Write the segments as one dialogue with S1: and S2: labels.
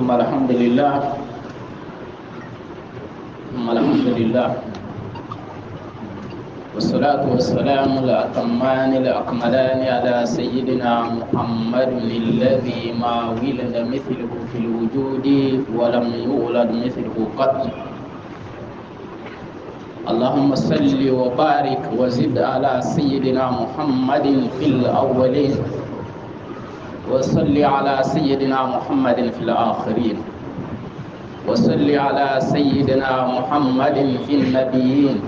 S1: ثم الحمد لله ثم الحمد لله والصلاة والسلام الأتمان الأكملان على سيدنا محمد الذي ما ولد مثله في الوجود ولم يولد مثله قط اللهم صل وبارك وزد على سيدنا محمد في الأولين وصل على سيدنا محمد في الآخرين وصل على سيدنا محمد في النبيين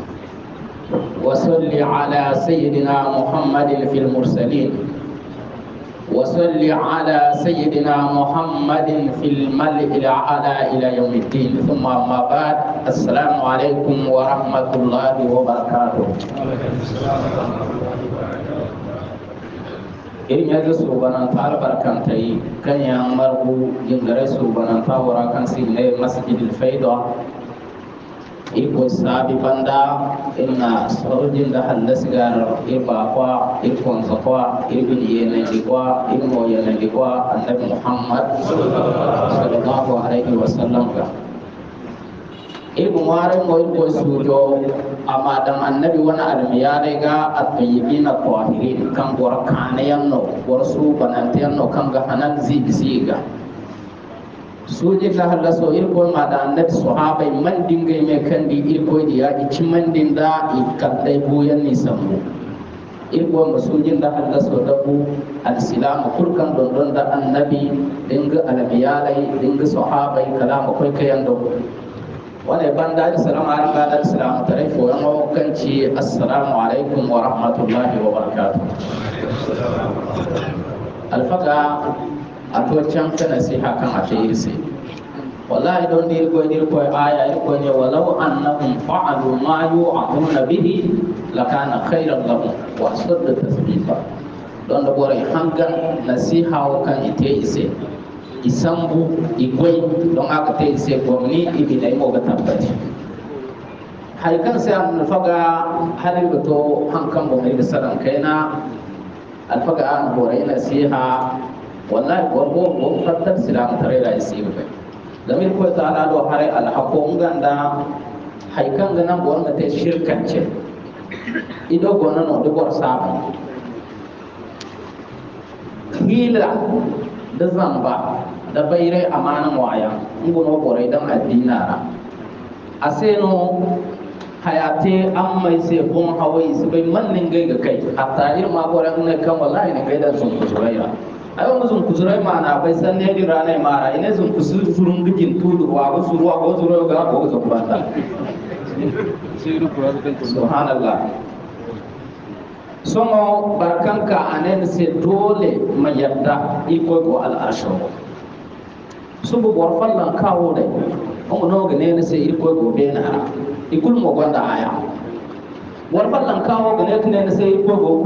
S1: وصل على سيدنا محمد في المرسلين وصل على سيدنا محمد في الملء الأعلى إلى يوم الدين ثم ما بعد السلام عليكم ورحمة الله وبركاته imeje subananta yi kan yan margu jingare subananta wura kan signe masjidil fayda iko sabi banda ina sojin da hallasigar iba e e kwa ikonsa kwa e na jikwa kwa ilmo na kwa annabi muhammad sallallahu alaihi wasallam ga ilmu warin wa ko sujo amma dan annabi wani almiya dai ga atayyibin at-tahirin kan gor kanayan yanno gor su banantayan no kan ga hanan zibisi ga suje la halla so ko ma da annabi sahaba man dingay mai kan di ko di ya ichi man din da ikkatai buyan ni il ko ma sujin da halla so bu al-silamu don dondon da annabi dinga almiya dai dinga sahaba kalama kai kayan da wani banda da an bada islam tare fo yan hukunci assalamu alaikum wa rahmatullahi wa barakatu. alfaga a to can ta nasiha kan a ta irse wallahi don dir ko dir ko aya ir ko ne walau annahum fa'alu ma yu'amuna bihi lakana khairan lahum wa sadda tasbiha don da bore hangan nasiha kan ite ise isambu igwai don haka ta yi sai gwamni ibi da yi ga tabbati haikan sai an nufaga halin da to hankan mai da saran na, alfaga an horai siha wallahi gwamgo gwam fattar silamu tare da isi bai zamir ko ta ala do hare alhaqo nganda haikan ga nan gwamna ta shirkance ido gona no dubor saba hila da zamba da bayre amana waya ngono bore dan addina ra aseno hayate an mai se bon hawai su bai mannin gai ga kai hatta ir ma boran ne kan wallahi ne kai da sun kuzurai ai wannan sun kuzurai ma na bai san ne di ranai mara ina sun kusur surun gidin tudu wa go suru wa go suru ga go zun ta subhanallah sono barkanka anen se dole mayadda iko ko al arshu sumbu bor falla kawo de on no ga ne ne sai irko go na ara ikul gonda aya bor kawo ga ne tune ne sai irko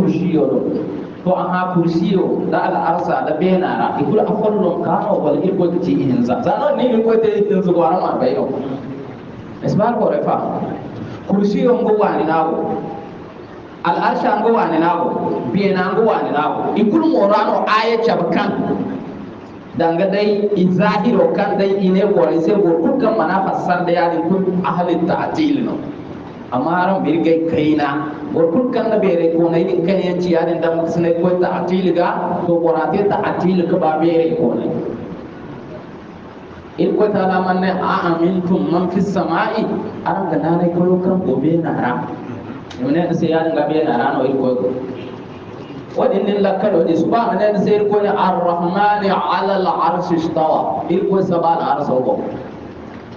S1: ha kursi da al arsa da be na ara ikul afallo kawo wal irko ti inza na ni irko te inza go ara ma be yo ko refa wani al arsha wani be na wani danga dai izahiro kan dai ine gore sai go dukkan mana fassar da yari kun ahalin ta'til no amma haram birgai kaina go dukkan da bere ko nai din kan yanci yarin da muka sanai ko ta'til ga to gorate ta'til ka ba bere ko nai in ko ta da manne a amintum man fi sama'i aran ga nanai ko kan gobe na ra ne sai yarin ga be na ra no ko lakkaro ne su ba a nan sai ko ni ar-rahman ala al-arsh istawa il ko sabal arsh ko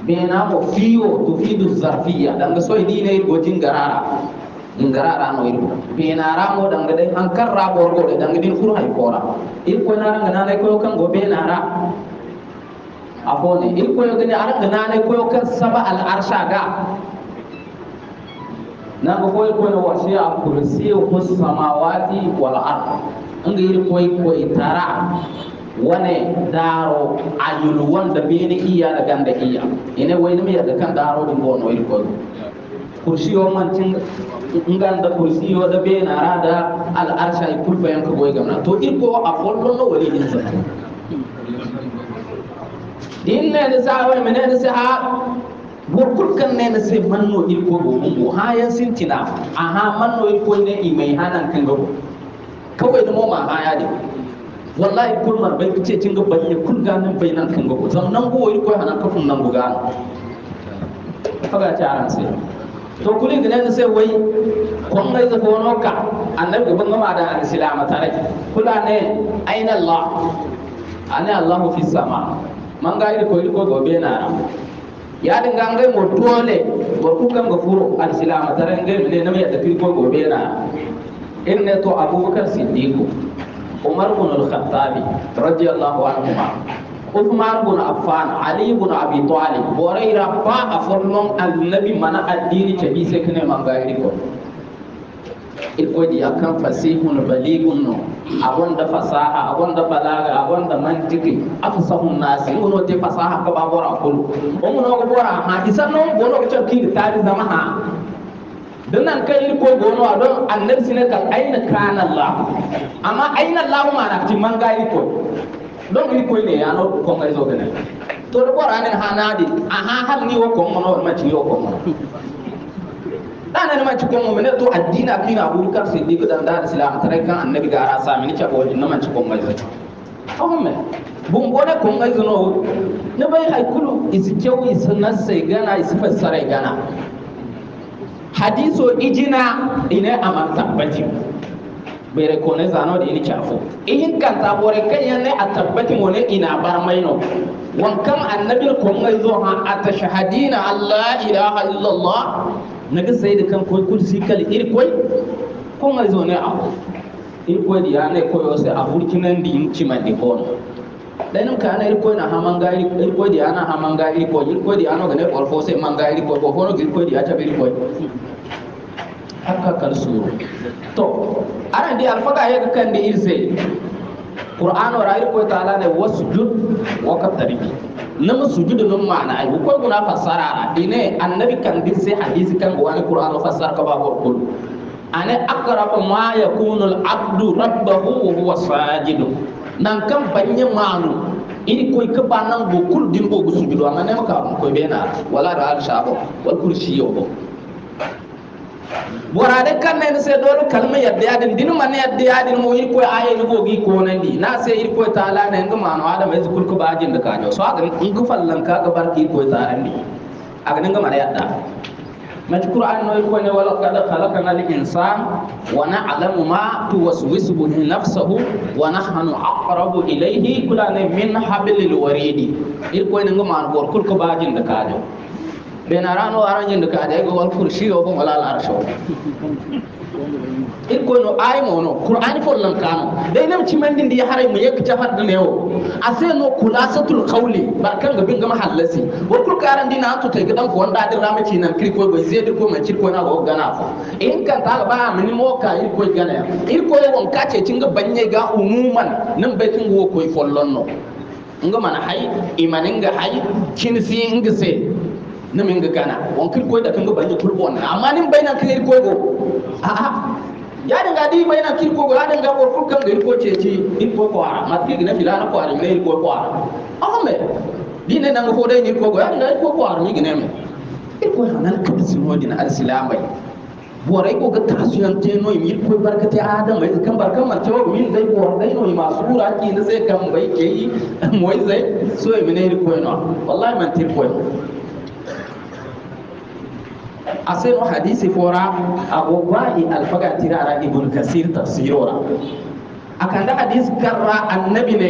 S1: bena ko fiyo tufidu zarfiya danga so soyi ne ko in garara no be na ramo danga dai an rabo ko da danga din kurai kora il ko na ga na ko kan go na ra afone il ko yo gani ga na ko kan sabal arsha ga Na ga koi koy wa sai a kursi kus samawati wal ard anga yir koi koi tara wane daro da wanda ni iya da ganda iya ine wayne me da kan daro dum bono yir koy kursi o man cin da kursi o da bene arada al arsha e kulfa yanka goy gamna to irko a follo no wali din sa din ne da sa wai mene da sa borkul kan ne na sai manno irko gomun mu ya sintina aha manno irko ne i mai hanan kan gago kawai da ma haya ne wallahi kul mar bai kace cin ga balle kun ganin bai nan kan gago zannan go irko hanan kafin nan buga faga ta aran sai to kulin ga ne sai wai kon ga zaka wono ka annabi gaban gama da al-islam tare kula ne aina allah ana allah fi sama man ga irko irko gobe na ran yaɗin ga ngai mo dole ku kan ga furo al silama taran ngai na nam yadda fi ko gobe na inna to abubakar siddiq umar ibn al khattab radiyallahu anhu Uthman bin Affan, Ali bin Abi Talib, Boraira fa a furnon annabi mana addini ce bi sai kine man ko. irgodi akan fasihun baligun no da fasaha da balaga da mantiki afsahun nasi uno te fasaha ka ba bora kulu umu no bora ha isan no gono ko ki tari zama ha dan nan kai irko gono a don annabi sine kan aina kana allah amma aina allah ma na ti manga irko don irko ne ya no ko ngai zo bene to da bora ne nadi aha hal ni wo ko mono ma ci yo ko mono dana ne ma ci ko mo ne to addina ki na bu kan sai diga dan da islam tare kan annabi ga ara sa mini ka bo jinna man ci ko mai zato to me bun gode ko mai zano ne bai hay kulu isikeu isna sai gana isfa sarai gana hadiso ijina ina aman tabbati bere ko ne zano da ini kyafo in kan tabore kan yan ne a mo ne ina bar maino wankan annabi ko mai zo ha atashhadina allah ilaha illallah naga sayde kaŋ koy kul si kala irkoy koŋay zo ne afo irkoy di yanay koyo se a furkinandi im cimandi kono ɗaynum ka ana irkoy na hamanga irkoy di ana hamanga irkoy irkoy di anoga ne ɓor fo se manga iri bo honoga irkoy di iri irkoy Haka kal suru. to aran di alfaga hega kandi irse qur'an wa ra'ayi ko ta'ala ne wasjud wa qatariki nama sujudu num mana ay ko guna fassara ra ine annabi kan din sai hadisi kan wa ni qur'an fassara ka ba ko kul ane aqrabu ma yakunu al abdu rabbahu wa huwa sajid nan kan banye manu iri koy ka banan ko kul din bo sujudu amma ne maka ko be na wala da al shabo wal kursi yo bo borade kan ne se dolu kalma yadde yadin dinu man yadde yadin mo ir ko aye ni gogi ko nandi na se ir ko taala ne ngam mano adam me kul ko baaji da kaajo so aga ngu fallan ka ga barki ko ni agan ngam ara yadda ma qur'an no ko ne wala qad khalaqna lil insan wa na'lamu ma tuwaswisu bihi nafsuhu wa nahnu aqrabu ilayhi kulane min hablil waridi ir ko ne ngam mano kul ko bajin da kanyo benarano arañinde ka aɗa ego wal kursi o bon walal no ir koyno aymono qur'ani fo lankano ci cimandi ndi haray mu yek jafatɗe ne o a seno kulasatul qawli ga binga mahallasi wa kul karandi na to te gidan ko nan cinan kiri koy koye seedi koy man cir na o gana fo in ta ba mun mo ka ir gana ya ir ko won kace ce cin ga umuman nan bai kinga wo koy no. nga mana hay ga hay kinsi inga se na min ga gana won kir koy da kan ga banya kul bona amma nin bayna kir koy go a a ya dinga di bayna kir koy go ya dinga wor kul kan ga ko ce ci in ko ko ara ma ki na filana ko ara ne ko ko ara amma di ne nan ko dai ni ko go ya dinga ko ko ara ni gine me ir ko hanan ka bismo din al-islamai borai ko ga tasuyan te no mi ko barkati adam mai kan barkan man to min dai bor dai no ma sura ki ne sai kan bai ke yi moy sai so mi ne ko no wallahi man tir ko aseno hadisi fora agogwa'i alfaga tirara ibn kasir tafsirora akanda hadis karra annabi ne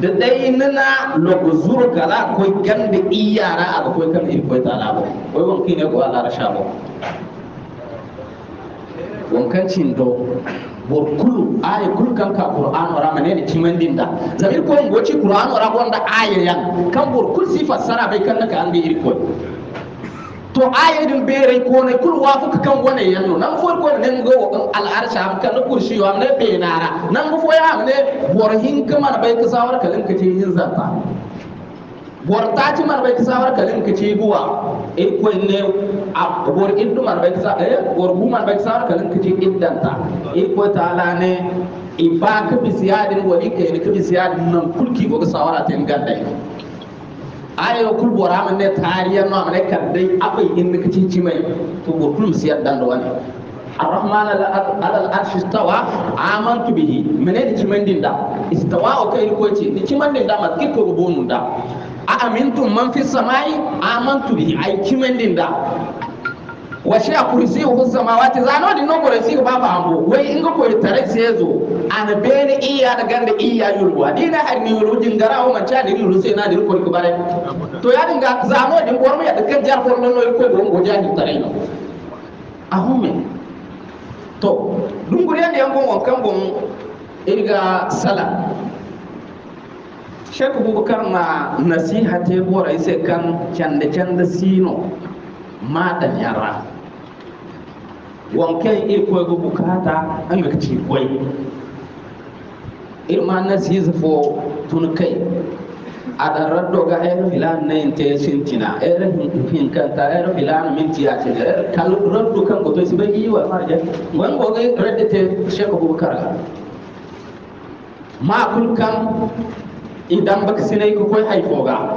S1: da dai nana logo zuru gala koi gande iyara aga koi kan ir koi tala bo koi won kine ko ala rasha bo Wankan cin do bor kulu aya kul kan ka qur'an ora mane ne ciman dinda zamir ko ngoci qur'an ora gonda aya yan kan bor kul sifa sara bai kan ka an bi iri koi to ayedin ko kone kulwa fuka kan wane yanno nan fo ko nen go al arsha am kan shi wa ne benara nan go fo ya ne wor hin kamar bai ka sawar kalin ka ce yin zanta wor ta ci mar bai ka sawar kalin ka ce buwa in e ko ne a wor du mar bai ka eh wor bu mar bai ka sawar kalin ka ce iddanta in e ko ta ala ne in e ba ka bisiyadin wani ka yi ka bisiyadin nan kulki go ka sawara ta yin ganda ayo kul bora man ne tariya no amane kan dai abai in ka ci ci mai to go kul siyar dan da wani arrahman ala al-arsh istawa amantu bihi mene ci ciman din da istawa o kai ko ce ni ciman din da ma ki to go bonun da a amintum man fi samai amantu bihi ai ciman din da washiya kurisi hu samawati za no dinno kursiyu ba ba ambo wai inga ko tare sezo an bene iya da gande iya yulu adina har ni yulu dingara o man cha ni yulu sai na dir ko ko bare to ya dinga za no din gormo ya daga jar ko no ko go go ja ni tare ahume to dunguri ne yango won kan bon irga sala Sheikh Abubakar na nasiha te bora ise kan chande chande sino ma dan yara wankan e ko go bukata an ga ci koi irma na siza fo tun kai a ɗarar doga ayar filan na yin taya sintina ayar hin kanta ayar filan minti ya ce ayar kalurar dukan gobe su bai yi wa marje wani gobe radda ta shaka bukar ga ma kulkan idan baka sinai kukwai kai haifo ga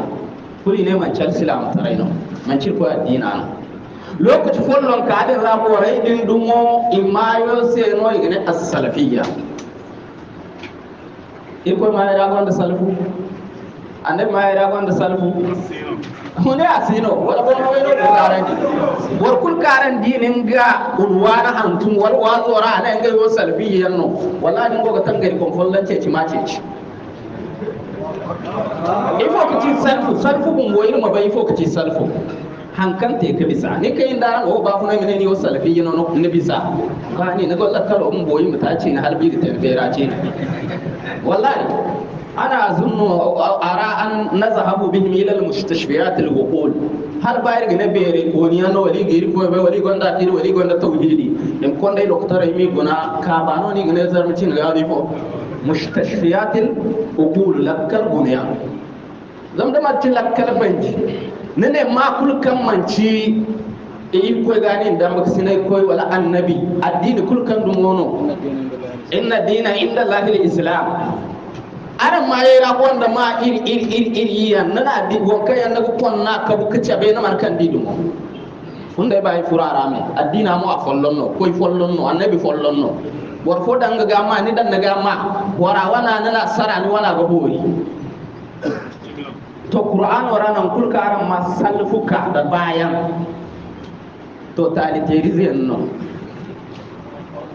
S1: kuli ne mancar silam tarai no mancar ko addina no lokaci follon ka adin ramuwarai din dumo imayo sai no igne as-salafiyya iko ma ya ragon da salafu ande ma ra ragon da salfu ya asino wala ko wai no karan di war kul karan dinin nin ga ulwa na hantum wal wa zora ana ga yo salafiyya no wala ngo ga tangari kon follon ce ci ma ce ci ifo kici salfu salfu bungoyi goyi ma bai ifo kici salfu hankante ka bisa ni ka yin daran o ba kuna mene ni wasu salafi yi nono ni bisa ba ni na gwalla karo in boyi mu tace na halbi da tambera ce wallahi ana zunnu ara an nazahabu bihim ila al-mustashfiyat al-wuqul har bayar ga bere ko ni an wali giri ko bai wali gonda tiri wali gonda tauhidi in kon dai yi mi guna ka ba no ni gane zarmacin ga ni fo mustashfiyat al-wuqul lakkal gunya zam da matin lakkal banji nene makul kan manci e il koy gani da mak sinai koi wala annabi addini kul kan dum wono inna dina inda lahil islam aran ma yera ko wanda ma ir ir ir ir yiya nana di wonka yan nagu konna ka bu kicha be na man kan di dum funda dai bai fura arame addina mu a koi koy no annabi no war fo danga ga ma ni dan naga ma wara wana nana sarani wala ga bori to qur'an ranan kulka aran ma salfuka da bayan to talitirizen no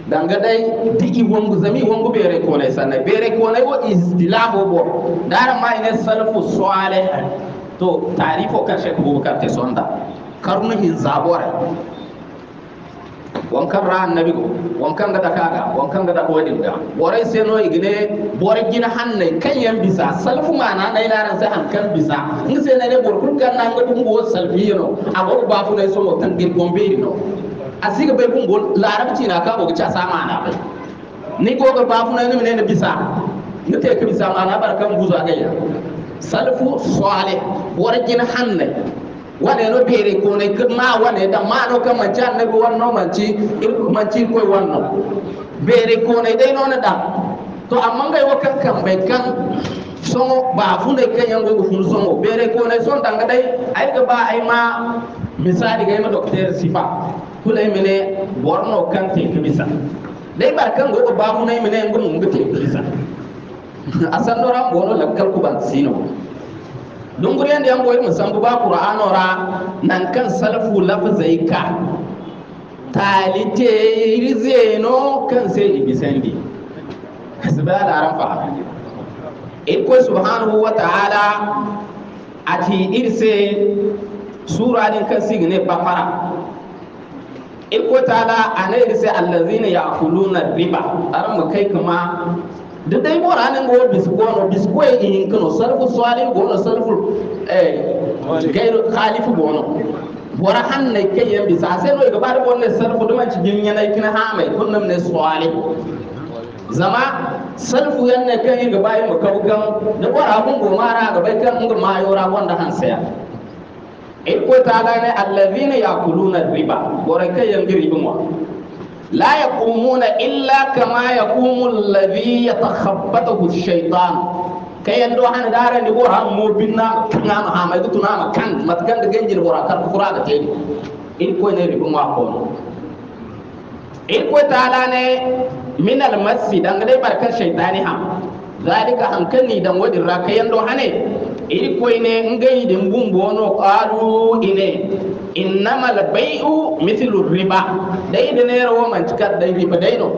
S1: danga dai digi wongu zami wongu bere kone sanna bere kone wo istilahu bo dara ma ine salfu salih to tarifo kashe ko ka te sonda karnu hin zabore wankan ra annabi go wankan ga dakaga wankan ga dako da, borai sai no igine bor gina hannai kan yan bisa salfu mana na ilaran sai hankan bisa in sai na ne bor kan nan ga dungo salfi no a go ba fu ne so mo tan gir gombe no asiga bai kun bungo larabci na ka go cha sama mana bai ni go ga ba fu ne ne bisa ni te ka bisa mana barkan buza gayya salfu salih bor gina hannai wane no bere ko ne ma wane da ma no kan manci annabi wannan manci irko manci ko wannan bere ko ne dai no na da to amma ngai wakan kan bai kan songo ba funde kan yango go fun songo bere ko ne son tanga dai ai ga ba ai ma misali ga ma doctor sifa kula mene borno kan te kibisa dai bar kan go ba funai mene ngo mun gute kibisa asan doran borno lakkal ku ban sino dunguri yadda yan boyi musambu ba qur'ano ra nan kan salfu lafazai ka talite rizeno kan sai ibisandi hasbala ran fa iko subhanahu wa ta'ala ti irse sura din kan signe bafara iko ta'ala na irse allazina na riba ran mu kai kuma de dai bora anin go bis go bis ko e kano sarfu swalin go na sarfu eh gair khalifu go no han ne ke yan bisa sai no ga bar bonne sarfu dum ci gin yana kina ha mai kunnam ne swali zama sarfu ne kan ga bayi mu kaugan da bora mun go mara ga bai kan ga mayora wanda saya. e ko ta ga ne allazina yakuluna riba bora ke yan riba mu. لا يقومون إلا كما يقوم الذي يتخبطه الشيطان كي يندو عن دار اللي هم بينا كنام هم هذا تنا كان ما تكن تجنج الورا كان فرادة تاني إلكو نري بما إن إلكو تعالى من المسجد عند بركة الشيطان هم ذلك هم كن يدم ودي راكيان دو هني إلكو إني إنجي دم بوم بونو قالوا إنه la bai'u mithlu riba dai da ne rawo man cikar dai riba dai no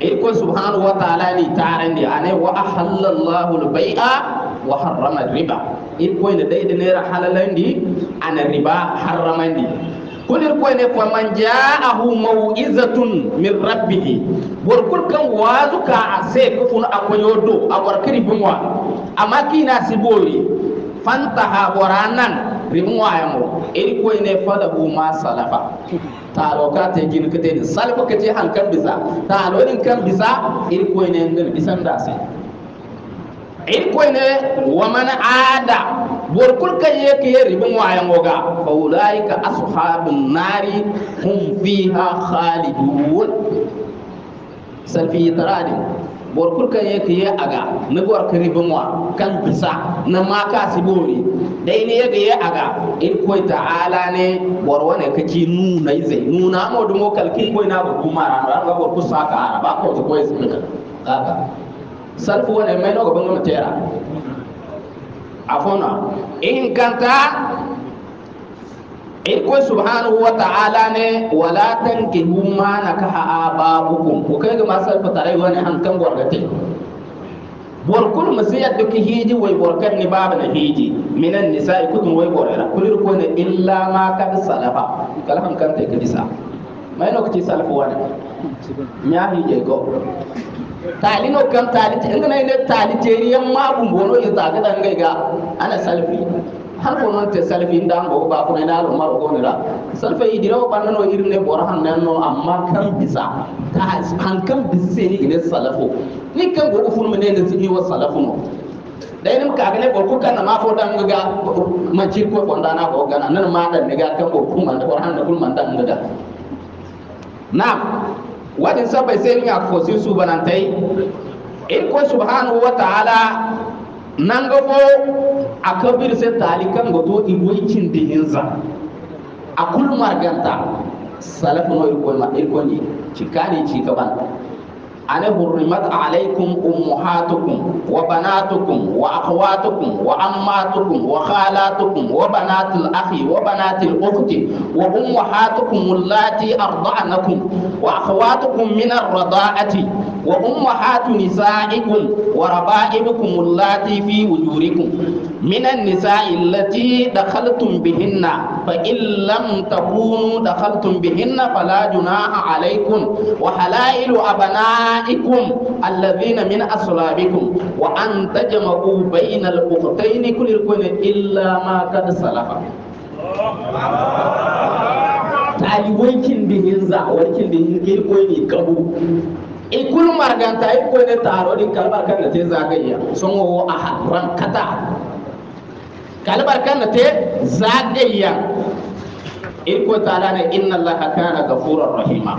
S1: iko subhanahu wa ta'ala ni taran di anai wa ahallallahu al-bai'a wa harrama riba iko ne dai da ne ra halalan di ana riba harraman di Kun ko ne ko man ja'ahu mau'izatun min rabbih bor kul kan wazuka ase ko fun akoyodo awar kiribunwa amaki nasibori fantaha boranan rimu ayamo iri ko ne fada bu ma salafa ta ka te gin kete din salfa kace han kan bisa ta din kan bisa iri ko ne ngal bisan da sai iri ko ne wa man ada bor kul ka ye ke rimu ayamo ga fa ulaika ashabun nari hum fiha khalidun salfi taradi borkur kan ye ke aga na gwar kani bamwa kan bisa na maka sibori dai ne yega ya aga in koi ta'ala ne bor wane kaki nuna zai nuna mu dumo kalkin koi na bu kuma ran ran ga bor kusa ka araba ko to koi sinka kaka salfu wane mai no ga bango matera afona in kanta ko subhanahu wa ta'ala ne wala tankihu ma nakaha ababukum ko kai ga alfa tare wani hankan gwargate borkul yadda duk hiji wai borkan ni babu na hiji minan nisa'i kutun wai borera kulir ko ne illa ma kad salafa kala kan ta kibisa mai no kici salafa wani nya hije ko. tali no kan tali inga ne tali teriyan ma bumbono ya zaga dan ga ana salafi har ko non te salfi ndango ba ko na lo mar ko nira salfa yi dirawo banna no irne bor han nan no amma kan bisa ta han kan bisa ni ne salafo ni kan go ufun mene ne ti wa salafu no dai nim ka gane bor ko kan ma fo dan ga ma ci ko ko dana ko gana nan ma dan ne ga kan ko kuma da bor han da kul man dan ga na wadin sabai sai ni fosi su banantai in ko subhanahu wa ta'ala nan ga a kabir sai tali kan ga to igoicin a kulmar ganta salafu no irkon irkon ne ci gaban أنا برمت عليكم أمهاتكم وبناتكم وأخواتكم وعماتكم وخالاتكم وبنات الأخ وبنات الأخت وأمهاتكم اللاتي أرضعنكم وأخواتكم من الرضاعة وأمهات نسائكم وربائبكم اللاتي في وجوركم من النساء التي دخلتم بهن فإن لم تكونوا دخلتم بهن فلا جناح عليكم وحلائل أبنائكم نسائكم الذين من أصلابكم وأن تجمعوا بين الأختين كل الكون إلا ما قد سلف تعالي ويكين بهن زع ويكين بهن كل كوني كبو إكل مارجان تاي كوني تارو دي كلب أركان نتيجة زاغيا سمو أحد ران كتا كلب أركان نتيجة زاغيا إكل إيه، تارا إن الله كان غفورا رحيما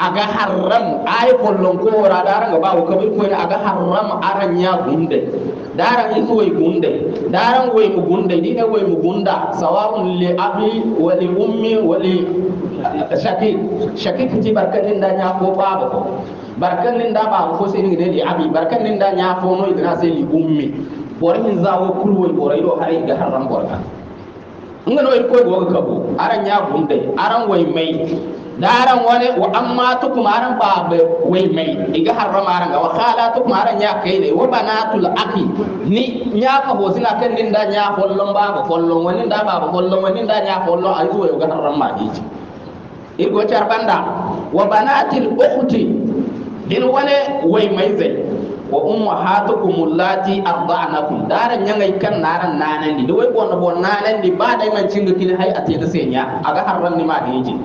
S1: aga haram ai kullun ko ra daran ga bawo kabir ko ne aga haram aran ya gunde daran isu way gunde daran wai mu gunde ni ne wai mu gunda sawabun li abi wa li ummi wa li eh, shaki shaki kiti barkatin da nya ko baba ko barkan nin da ba ko sai ni ne li abi barkan nin da nya ko no idan sai li ummi borin zawo wai borai do har ga haram borka ngano ko go ga bo, aran ya gunde aran wai mai daran wani wa amma kumaran ba wai mai iga harramaran ga wa khala kumaran ya kai ne wa banatul aqi ni nya ka bo zina kan din da nya hollon ba ba hollon wani da ba ba hollon wani da nya hollon ai zuwa ga harrama ji char banda wa banatil ukhti din wani wai mai zai wa ummahatukum allati arda'nakum daran nyangai kan naran nanan di wai bon bon nanan di ba dai man cinga kin hay ate da senya aga harran ni ma da ji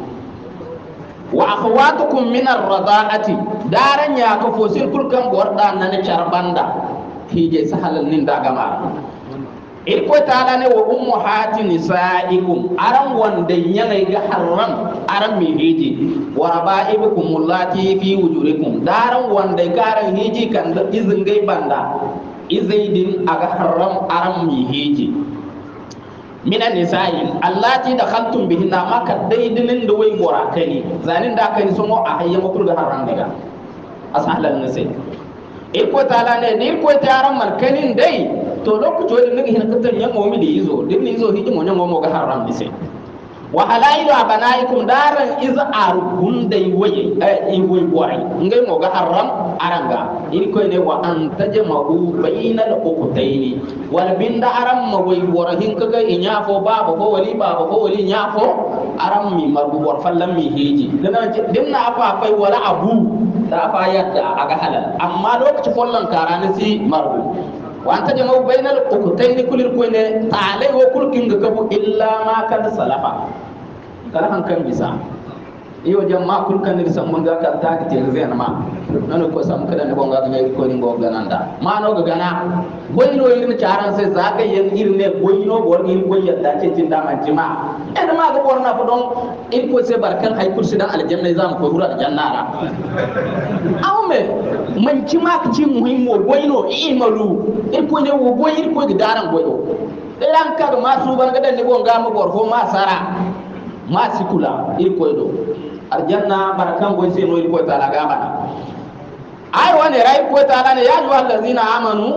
S1: wa akhwatukum min ar-rada'ati daran ya ka sirkul kan gorda nan charbanda hije sahalan nin da gama irko taala ne wa ummahati nisaikum aran wanda yanai ga haram aran mi hiji wa rabaibukum allati fi wujurikum daran wanda garan hiji kan da izin gai banda izaidin aga haram aran mi hiji minan nisa'i allati dakhaltum bihinna maka daidinin da wai gora kani zanin da kani sun a hayya makul da haram daga asahlan nisai irko e tala ne ne irko taran markanin dai to lokacin da nigi hin katar yan momi da yizo din yizo hiji mo ne mo ga haram nisai wa halailu abanaikum daran iz arkum da iwaye eh, iwaye boy ngai mo ga haram aranga in ko ne wa an tajma'u bainal uqtayn wal bin da aram ma wai warahin kaga inya fo baba ko wali baba ko wali nya fo aram mi marbu war fallan mi heji dana dinna apa fai wala abu da afa yadda aga halal amma lokaci follan karani si marbu wanta jama bainal ukutaini kulir koyne taalai wo kulkin ga kabu illa ma kad salafa kala han kan bisa iyo jam ma kul kan ni sam manga ka ta ti zen ma nan ko sam kada ne bonga ga ko ni go gananda ma no ga gana goyno irin charan se za ka yen irin ne goyno bor ni go yadda ce tin da man jima en ma ga bor na fa don in ko se barkan hay kursi dan aljanna za mu ko hura aljanna ra awu me man jima ka ci muhimmo goyno malu, in ko ne wo goyir ko ga daran ran ka ma su ban gadan ne bonga mu bor ko ma sara ma sikula ir do aljanna barakan go sai no ko ta la gama na ay wani rai ko ta la ne ya ju allazina amanu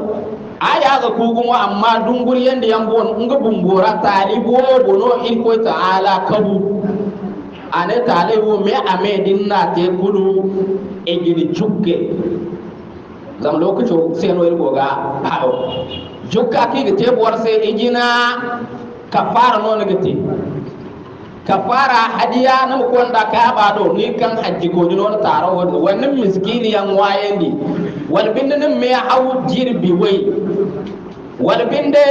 S1: ay aga wa amma dungur yende yambon nga bumbora talibu bono in ko ta ala kabu ane talibu me ame dinna te kudu e gini jugge zam lokacho sai no ko ga hawo jukka ki ga te bor sai injina e kafara no ne gati kafara hadiya na da ka ba do ni kan hajji ko ni non taro wannan miskini yan waye ni wal binnin me hawu jirbi wai wal binde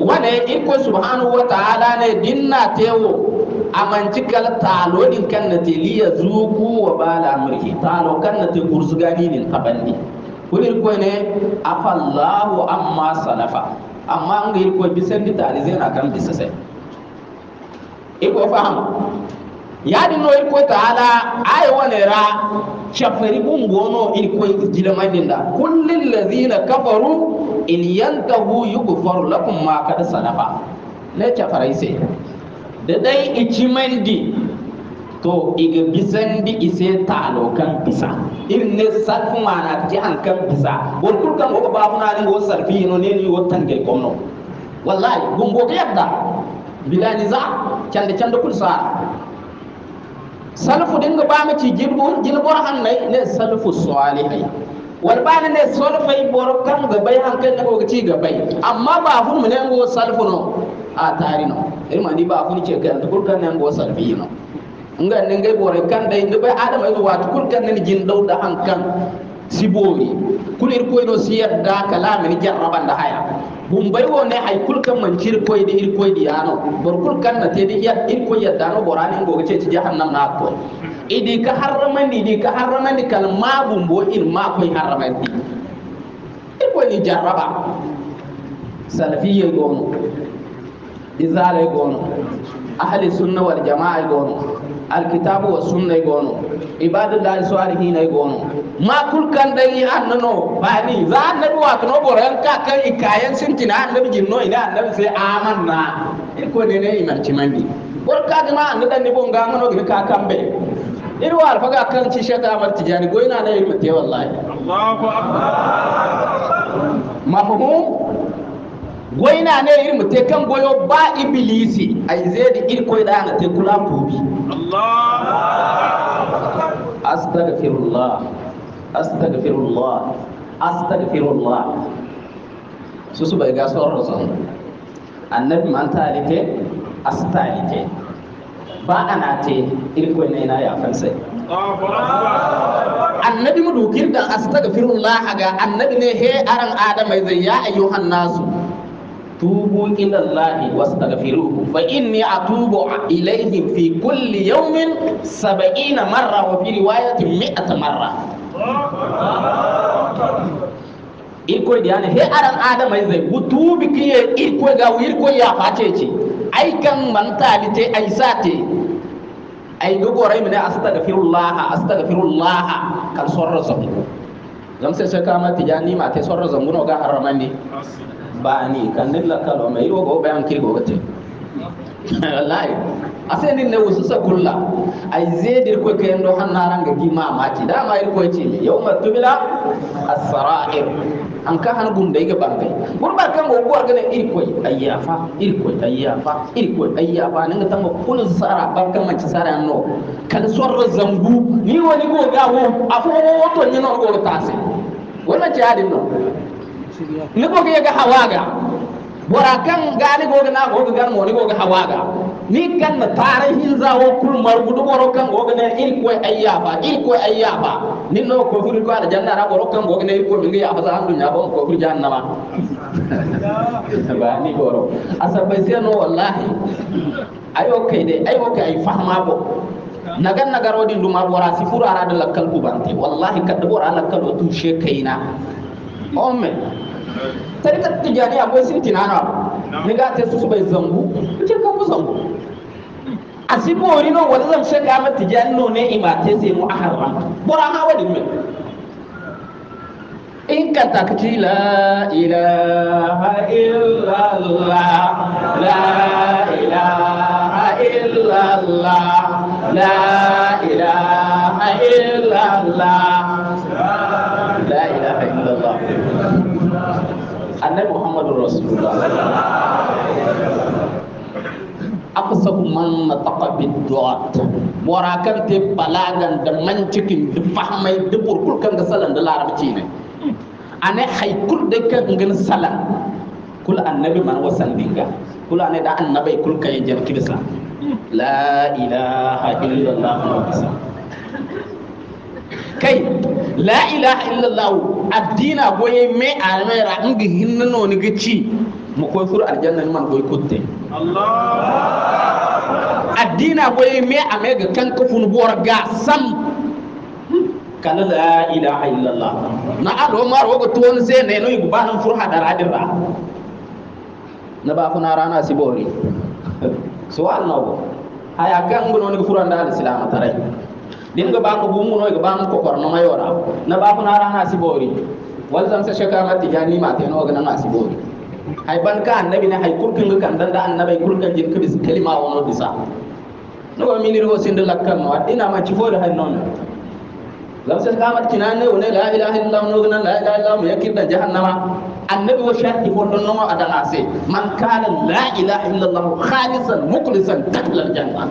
S1: wane iko subhanahu wa ta'ala ne dinna tewo amanci kal talo din kan na teliya zuku wa bala amrihi talo kan na te kursu gani nin kabandi kulir ko ne afallahu amma salafa amma an ga ko bisan ditali zai na kan bisasai iko faham yadi no iko taala ay wanera shafari bungono iko jilamandinda kullil ladhina kafaru in yantahu yughfaru lakum ma kad sanafa le chafara ise da dai ichimandi to iga bisan ise talo kan bisa irin ne sarfin mana ti an kan bisa wani kurkan ko ba kuna ni go sarfi no ne ni wotan ge komno wallahi gumbo ke yadda bidani za cande cande kul sa salfu din ba mi ci jilbu jilbor han nay ne salfu salihai wal ba ne solfai bor kan ga bai han kai ko ci ga bai amma ba hun mu ne ngo salfu no a tari no ma ni ba hun ce kan kul kan ne ngo salfi no nga ne ngai bor kan dai ne bai adama yi wa kul kan ne jin dau da han kan sibori kulir koy do siyar da kalamin jarraban da haya bumbai wone hay kulka mancir koyde ir di yano bor kulkan na tedi ya ir koy yadano borani ngo ce ci jahannam na ko idi ka harramandi di ka harramandi kal ma bumbo ir ma koy harramandi ir koy ni Salafi salafiyye gono izale gono ahli sunna wal jamaa gono alkitabu wa sunnai gono ibadallah salihina gono ma kulkan dan yi annano ni. za annabi wa kano boran ka kan ikayen sintina annabi jinno ina annabi sai amanna ko ne ne Iman mandi bor ka ga ma annabi ne bon ga mano ga ka kan be iru alfa ga kan ci shata amar tijani go ina ne mutai wallahi allahu akbar mafhum goyna ne irin mu te kan goyo ba ibilisi ay zedi ir koy da na te kula pobi allah astaghfirullah astaghfirullah astaghfirullah susu bai ga sauran sun annabi man talike astalike ba ana te ir koy ne na ya fansa annabi mu dukir da astaghfirullah ga annabi ne he aran adamai zai ya ayyuhan nasu tubu ila Allah wastaghfiruhu fa inni atubu ilayhim fi kulli yawmin 70 marra wa fi riwayatin 100 marra irko da yana he aran adama zai gutubi kiye irko ga irko ya face ce ai kan mantalite ai sate ai dogorai mine astaghfirullah astaghfirullah kan sorra zamu zam sai sai kama tijani ma te sorra zamu no ga haramani bani kanin la kalo mai ro go bayan ke go te lai ase nin ne wusu sa kulla ay zedir ko ke ndo han naranga gi mama ci da ma ko ci le yawma tubila as-sara'ir an ka han gum dai ga bangai gurbar kan go gwar ganin iri koy e ayyafa e fa iri koy e ayya fa iri koy ayya fa nan ga tamba kulun sara bankan manci sara no kan sorra zambu ni wani go ga wo afo wo to ni no go tase wannan jihadin no ni ko ga hawaga bora kan gani go na go gan mo ni go ga hawaga ni kan na tare za wo kul mar gudu boro kan go ne il ko ayyaba il ko ayyaba ni no ko furi ko ala janna ra boro kan go ne il ko mi ya fa han dunya bon ko furi jahannama ba ni goro asabai sai no wallahi ayo kai dai ayo kai ai fahma bo nagan nagarodi duma bora sifura ara da lakkal ku banti wallahi kadda bora lakkal o tushe kaina omme tarikar tijjani akwai sirti na na ni ga ta su bai zangu ce kan ku zangu a si bori no wani zan shaka ma tijjani no ne ima ta sai mu a ba, bora ha wadin mu in ka ta ka ila la illa allah la ila illa allah la ilaha illallah la ilaha illallah ne Muhammad rasulullah Aku man taqa bid du'at wara kan te palagan de man cikin de fahmay de bur kul kan ane xay kul de dengan ngeen salan kul an nabi man wasan dinga kul ane da an nabi kul kay jam ki la ilaha illallah muhammadur rasul kay la ilaha illallah addina goye me amera ngi hinna no ni gici mu koy fur aljanna man goy kutte allah addina goye me amega kan kafun bor ga sam kala la ilaha illallah na ado mar wogo ton se ne no yugo banan fur hadar adirra na ba na rana si sibori so allah haya kan gono ni furan da islam tarai dinga ba ka mu no ga ba mu ko korno mayora na ba ku na rana sibori wal zam sa shaka ma tijani ma te no ga na nan asibori hay ban ka annabi ne hay kurkin ga kan dan da annabi kurkin jin ka bis kalima wono bisa no ba minir ho sindu lakkan no ina ma ci fo da hay non lam sai kamat kinan ne wona la ilaha illallah no ga na la ilaha illallah mu yakin da jahannama annabi wa shahdi ko don no ma adana se man kana la ilaha illallah khalisan mukhlisan dakhala janna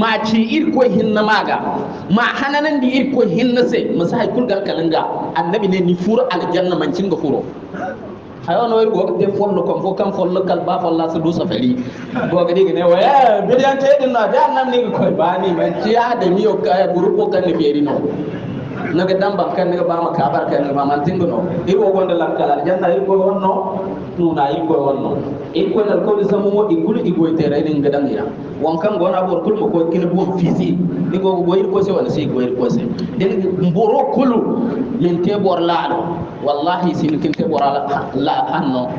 S1: ma ce irko hinna maga ma hananan da irko hinna sai masu haikul kul gal kalanga annabi ne ni furo aljanna mancin ga furo hayo no go de fonno kom fo kan fonno kal ba folla su dusa fari go ga diga ne waya biliyan ta din na da nan ni ko ba ne man ci ya da miyo kaya buruko kan fiye rino naga dambam kan naga bama kabar kan naga bama tingono iwo gonda lankala janna iko wonno nuna iko wonno iko na ko zamu mo igul igo tere ni ngadan ya wankan gona bor kulmo ko kin bum fisi ni go go ir ko se wala se go ir ko se den mboro kulu min te bor laado wallahi sin kin te bor la hanno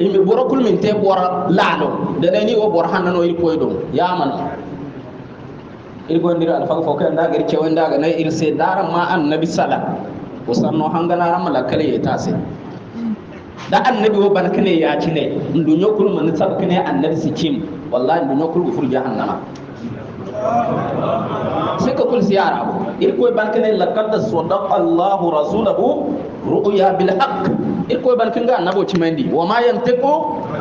S1: imi boro kul min te bor laado dana ni wo bor hanno ir ko do yaman irgondir alfan fo kan daga irke wanda daga nan irse daran ma annabi sala hanga na ran malakale ya se, da annabi wo ban kane ya kine dunyo kul man sab kane annabi sikim wallahi dunyo kul gufur jahannama sai ka kul ziyara ko irko ban kane laqad sadaqa Allahu rasulahu ru'ya bil haqq irko balkin ga annabo cimendi wa ma yantiqu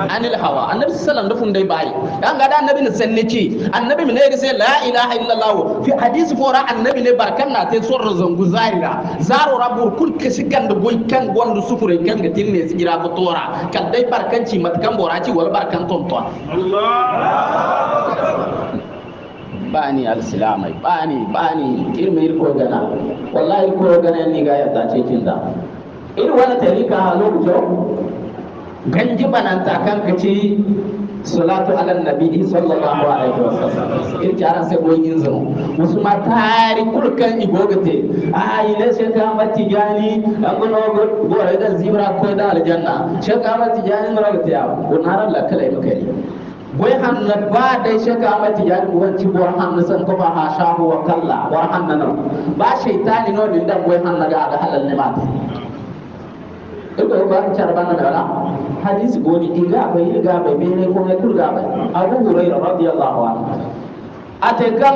S1: anil hawa annabi sallallahu alaihi wasallam bai dan ga da annabi ne sanne ce annabi ne ga sai la ilaha illallah fi hadisi fora annabi ne barkan na tai sorro zangu zaira zaro rabu kul kashi kan da goy kan gondu sufure kan ga ne tsira ko tora kan dai barkanci matkan boraci wal barkan tonton Allah bani alsilamai bani bani irma irko gana wallahi ko gana ni ga yadda ce kin da irin wani tarika a lokacin ji bananta kan ka ce salatu ala nabi sallallahu alaihi wasallam in jaran sai boy yin zama musu ma tari kulkan igogate a ile sai ka mati gani an gono gore da zibra ko da aljanna sai ka mati gani mara ta ya gunaran la kala makai boy na ba dai sai ka mati gani wanci bo hannu san ko ba ha shahu wa kalla wa hanna ba shaytani no din da boy na ga da halal ne ma ɗauka ba an cara bana dara hadis goni iga bai iga bai bene ko ne kurga bai abu hurairah radiyallahu anhu ate kan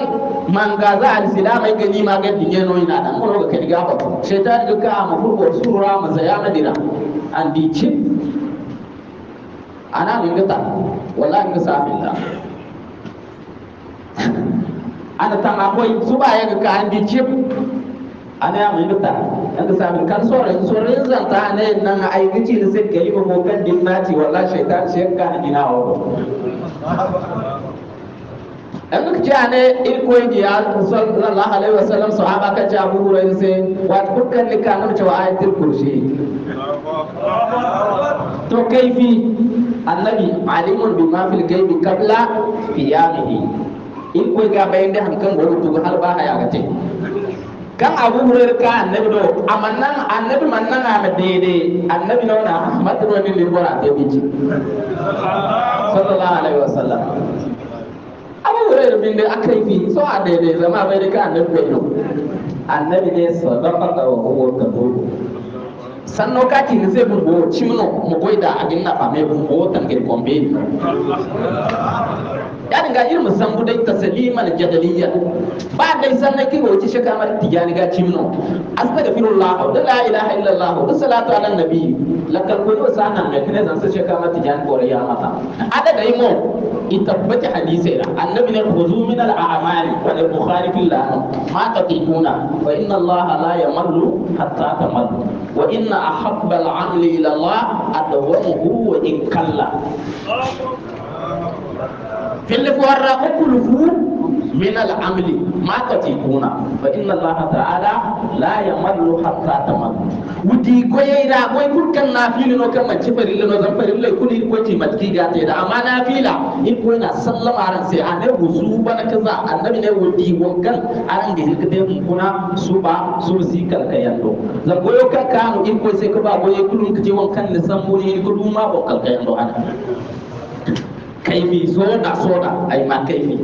S1: za al silama ga ni ma ga dinge no ina dan ko ga kadi ga ba shaitan ga ka ma furgo sura ma zayana dira an di chip ana min gata wallahi ga safilla ana tanga koi suba ya ga ka an di chip ana ya min gata nanga samin kan sore sore zanta ne nan ay gici da sai gali ko kan dinnati walla shaytan sai kan dina ho dan ka ci ne in ko yi ya sallallahu alaihi wasallam sahaba ka ci abu wurin sai wa dukkan ni cewa a yi ayatul kursi to kaifi annabi alimun bima fil gaibi qabla qiyamihi in koyi ga bayan da hankan da rutu har ba haya ga ce kan abu hurar ka annabi do amannan annabi mannan na daidai annabi na wani ahmad do ni le bora te biji sallallahu alaihi wasallam abu hurar bin da akai fi so a daidai zama bai da ka annabi bai do annabi ne sadaqa da huwa ka do sanno ka ti ne zai bumbo chimno mu goida abin na me bumbo tangir kombe yani ga irin musambu dai tasliman jadaliya ba dai sannan ki wace shi kamar tijani ga cimno astaghfirullah da la ilaha illallah da salatu ala nabi lakal kullu sanan ne kine zan sai kamar tijani goriya mata ada dai mo itabbati hadisi da annabi ne khuzu min al a'mali wa al bukhari billah ma taqimuna wa inna allah la yamallu hatta tamallu wa inna ahabba al ila allah adwamuhu wa in kalla فين فورا كله من العمل ما تتيكونا فإن الله تعالى لا يمل حتى تمل ودي قوي را قوي كل كان نافيل نو كان ما إلا نو زنفر إلا يكون إن إيه كوي متكي جاتي دا أما نافيلا إن إيه كوي نسلم عرن سي أنا وزوبا نكذا النبي نو ودي وكان أنا دي هلك دي مكونا سوبا سورسي كان كيان دو زن كوي كان كانو إن إيه قوي سكبا قوي كل كتي وكان نسموني إن كل ما وكان كيان دو أنا كيفي زودا صودا اي ما كيفي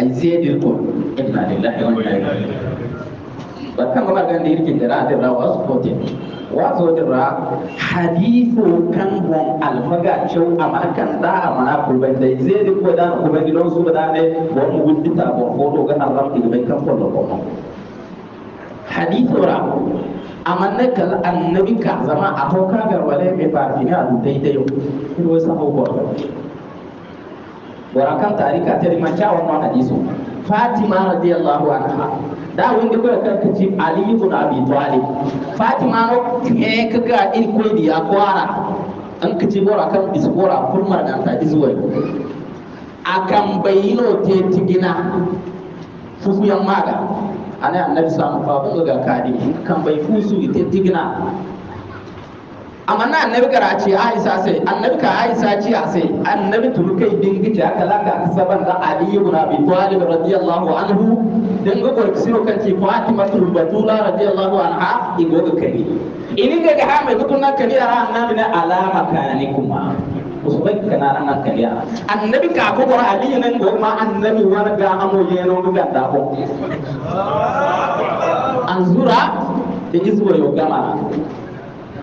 S1: اي زيد الكون انا لله وانا اليه بكم ما كان دير في دراسه الرواس بوتين واسو درا حديث كان بون الفغا تشو اما كان دا اما كل بين دي زيد كو دا كو بين لو سو دا دي بون ودي تا بون فو دو كان الله دي بين كان فو دو حديث را اما نك النبي كان زمان اتوكا غير ولا مي بارتينا دي دي يو wara kan tarika ta rima kyawun wani hadisu fatima radiyallahu anha da wanda kan ka ci ali ibn abi talib fatima no ke kaga in ko ya akwara an kaci bora kan isbora kurmar da ta izuwai akan bayino te tigina ya maga ana annabi sallallahu alaihi wasallam ga kadi kan bai fusu te tigina amma na annabi kara ce aisha sai annabi ka aisha ce sai annabi turkai dingice haka laka saban da ali ibn abi talib radiyallahu anhu dinga ko kisiro ko kanci fatima tul batula radiyallahu anha igo ga kani ini ga ga hama duk na kani ara annabi na alama kani kuma usbai kana ran kani ara annabi ka ko bor ali nan ko ma annabi wani ga amo yeno ga da ko anzura da izuwa yo gama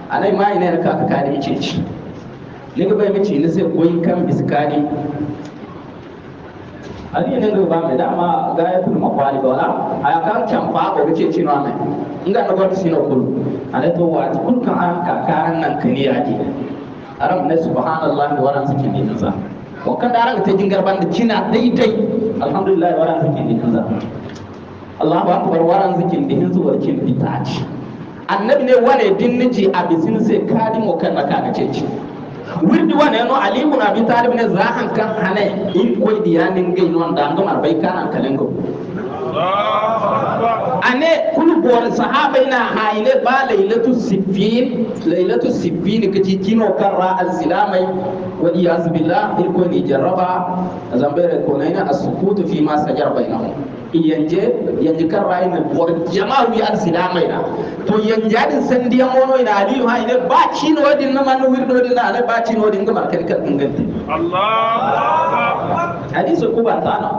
S1: alai ma ina da kaka kare ce ci ne ga bai mace ni sai koyi kan biskari ali ne ga ba mai dama ga ya tun kwali ba wala a kan can fa ko ce ci na mai inda na nabar shi na kullu alai to wa ti kullu kan an karan nan kani yaji aram na subhanallah wa ran suke ne nasa ko kan da ran ta jingar ban da kina dai alhamdulillah wa ran suke ne nasa Allahu akbar wa ran suke ne hinzu warkin bitaci annabi ne wane dinniji a bisin zai kadi mu kan maka na ceci Wurdi wane no ali ibn abi talib ne zahan kan hane in koy diyanin gai non da ngam arbai kan kalin go ane kulu bor sahaba ina haile ba lailatu Sifin, lailatu siffin kaci kino karra al-silamai wa iyaz billah il ni jarraba zambere ko ne na as fi ma sajar bainahum yanje yanje karwayi ne bor jama'a wi arsila mai na to yanje adin sandiya mono ina aliyu ha ina ba ci no din na manu wirdo din na ba ci no din ga markan kan inganti Allah hadisi ku ba ta na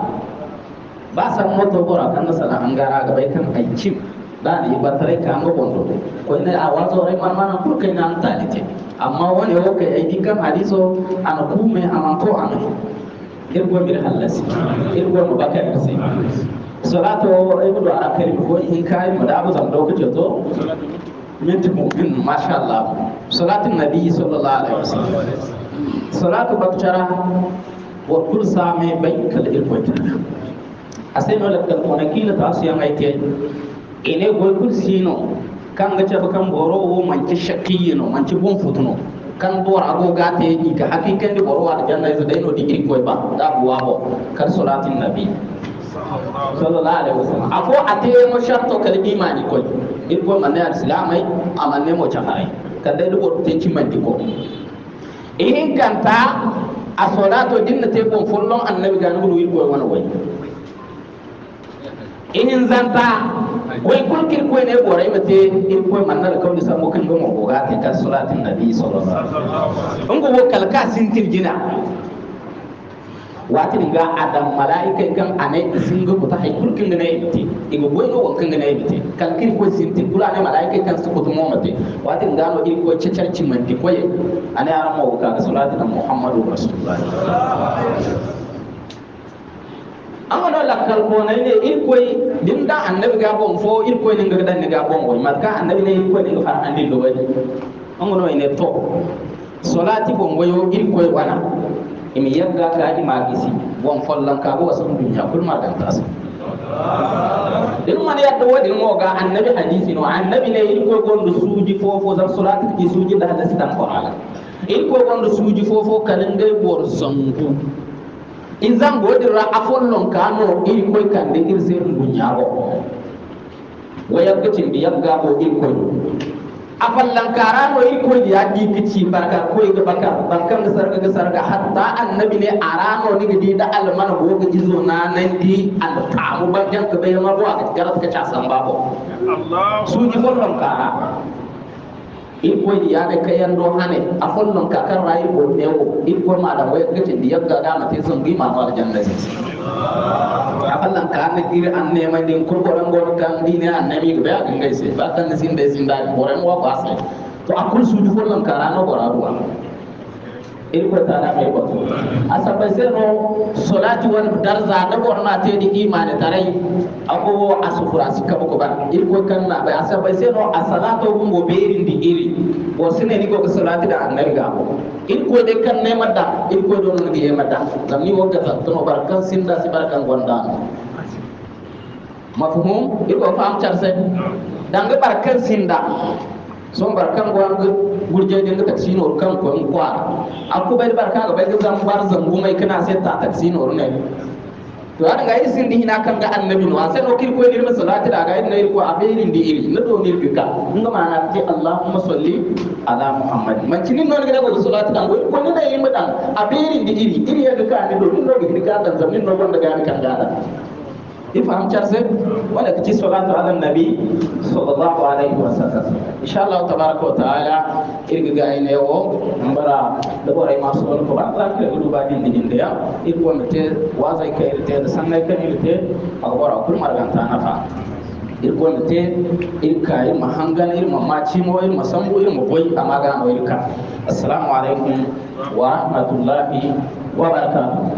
S1: ba san moto gora kan na sala an gara ga bai kan aikin da ni ba tare ka mu kondo ko ina a wazo rai man man ku kai na an talite amma wani yau kai aikin kan hadiso an ku mai amanko ku. irgo min halasi irgo mo bakka salatu sey solato ibnu kai ko in kai mu da abu zan do ce to minti mu'min masha Allah salatu nabi sallallahu alaihi wasallam salatu bakcara wa kul same baikal irgo ta asay no kan kona kila ta asiya ngai aiki. ene goy kul sino kan ga ce kan boro wo manci shaqiyino manci bon futuno kan dor agoga te ni ka hakikan di borwa da janna zo dai no digiri koy ba da buwa bo kan salatin nabi sallallahu alaihi wasallam ako ate mo sharto kal imani koy il ko manne islamai amanne mo chahai kan dai do te ci mandi ko in ganta a salatu dinna te gon fullon annabi ga nugo il koy wana way in zanta Wai kul kir ne ne boray mate in koy man na kawni sa mo kan go mo ga ta ka salatin nabi sallallahu alaihi wasallam ngo wo kal ka sin til jina wati ga adam malaika kan anai sin go ta hay kul kin ne ti igo boy no kan ne ti kal kir koy sin til kula ne malaika kan su ko to mo mate wati ga no ko koy cecerci man ti koy anai aramo ta salatin muhammadu rasulullah anga do lakkal ko na ne in koy din da annabi ga bon fo il koy ninga dan ga bon wai mar annabi ne il koy ga fara andi do wai anga do ne to salati bon wayo il koy wana imi yadda ka di magisi bon follan ka go wasan dunya kul ma dan tas din man yadda din mo ga annabi hadisi no annabi ne in koy gondo suji fofo zan salati ki suji da hadisi dan qur'ana ala il koy gondo suji fofo kalin dai bor zangu izango dira afollon kano iri koy kande ir seeɗum ngu ñaago wo yagga cindi yagga o iri koy afallankarano iri koy ya ɗi kici barka koy ga baka bankan ga sarga ga sarga hatta annabi ne arano ni di da almana go ga jizo na nan di alfamu jan ka bai ma bo ga garat ka casan babo su ji follon kara ya yada kayan do hane a ka kan rayi ko ne tewo irko ma da waya kace di yagga da ma te son gima ma aljanna a fallan ka ne dir an ne mai din kurkoran gor kan ne dine annabi ga ba kan gaise ba kan sin da sin da koran wa kwasa to a kursu du hollon karano goraruwa ilkotana mai goto asabai seno solati wani darza na gorna te di imani tarai agogo su suka buku ba ilko kan na bai asabai seno a salato gungo berin di iri wasu ne niko ka solati da annabi ga abu ilko dai kan ne madda ilko don nan ga madda dan ni wonga ta tuno barkan da si barkan gonda mafhum ilko faham sai dan ga barkan sinda son barkan gonda wurje da ga taksi no kan ko in kwa an ko bai barka ga bai ga zan bar zango mai kana sai ta taksi no ne to an ga isin din hina kan ga annabi no sai no kir ko ni ma salati da ga ni ko abelin di ili na do ni bika in ga mana ce allahumma salli ala muhammad man kinin no ga da salati dan ko ni da yi mu dan abelin di ili iri ya duka ni do ni do ga dan zamin no wanda ga ni kan da yi fahimtar sai wanda kake salatu ala nabi sallallahu alaihi wa sallam insha Allah tabaraka wa ta'ala irga ga ina yawo mbara da bora ma so ko ba ta kira gudu ba din din da ya irko mate wazai kai irte da sanai kai irte a bora kun marganta nafa irko mate irka ir mahangan ir mamaci mo ir masambu ir maboi amaga mo irka assalamu alaikum wa rahmatullahi wa barakatuh